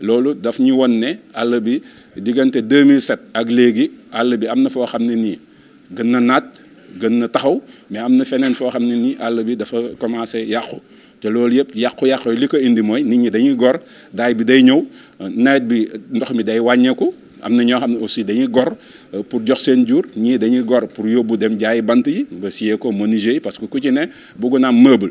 loolu daf ñu won ne àll bi diggante 2007 ak léegi àll bi am na foo xam ne nii gën na naat gën na taxaw mais am na feneen foo xam ne nii àll bi dafa commencé yàqu te loolu yëpp yàqu-yàqu li ko indi mooy nit ñi dañuy gor daay bi day ñëw nawet bi ndox mi day wàññeeku am na ñoo xam ne aussi dañuy gor euh, pour jox seen jur ñii dañuy gor pour yóbbu dem jaayi bant yi ba siyee ko menuisier yi parce que ku ci ne bëgg naa meuble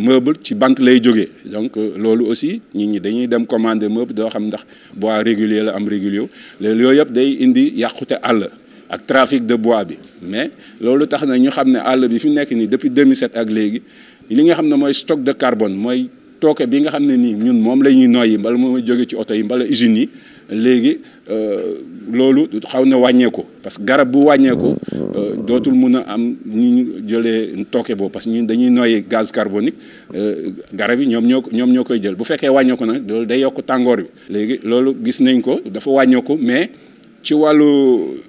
meuble ci bant lay jógee donc euh, loolu aussi nit ñi dañuy dem commander meuble doo xam ndax bois régulier la am régulier léegi yooyu yëpp day indi yàqute àll ak trafic de bois bi mais loolu tax na ñu xam ne àll bi fi nekk nii depuis 2007 ak léegi li nga xam ne mooy stock de carbone mooy tooke bi nga xam ne nii ñun moom la ñuy noyyi mbala moo jóge ci oto yi mbala usines yi léegi euh, loolu xaw na wàññeeku parce que garab bu wàññeeku euh, dootul mun a am ñu ñu jëlee tooke boobu parce que ñun dañuy noyyi gaz carbonique euh, garab yi ñoom ñoo ñoom ñoo koy jël bu fekkee wàññeeku nag loolu day yokk tàngoor bi léegi loolu gis nañ ko dafa wàññeeku mais ci wàllu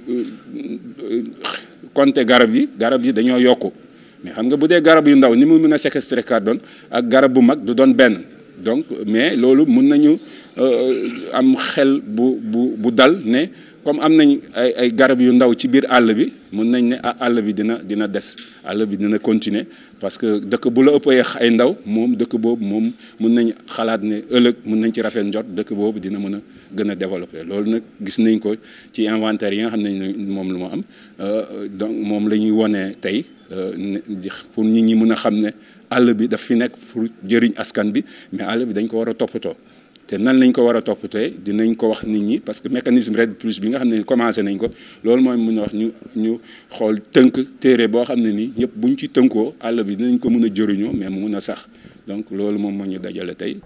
compte garab yi garab yi dañoo yokk mais xam nga bu dee garab yu ndaw ni mu mën a séquestrer carbone ak garab bu mag du doon benn donc mais loolu mun nañu euh, am xel bu bu bu dal ne comme am nañ ay ay garab yu ndaw ci biir àll bi mën nañ ne ah àll bi dina dina des àll bi dina continuer parce que dëkk bu la ëppee ay ndaw moom dëkk boobu moom mën nañ xalaat ne ëllëg mun nañ ci rafet njot dëkk boobu dina mën a gën a développer loolu nag gis nañ ko ci inventaire yi nga xam ne moom lu ma am euh, donc moom la ñuy wone tey euh, pour nit ñi mën a xam ne àll bi daf fi nekk pour jëriñ askan bi mais àll bi dañ ko war a toppatoo te nan lañ ko war a toppatee dinañ ko wax nit ñi parce que mécanisme red plus bi nga xam ne commencé nañ ko loolu mooy mun a wax ñu ñu xool tënk téere boo xam ne nii ñëpp buñ ci tënkoo àll bi dinañ ko mën a jëriñoo mais mu mun a sax donc loolu moom moo ñu dajale tey.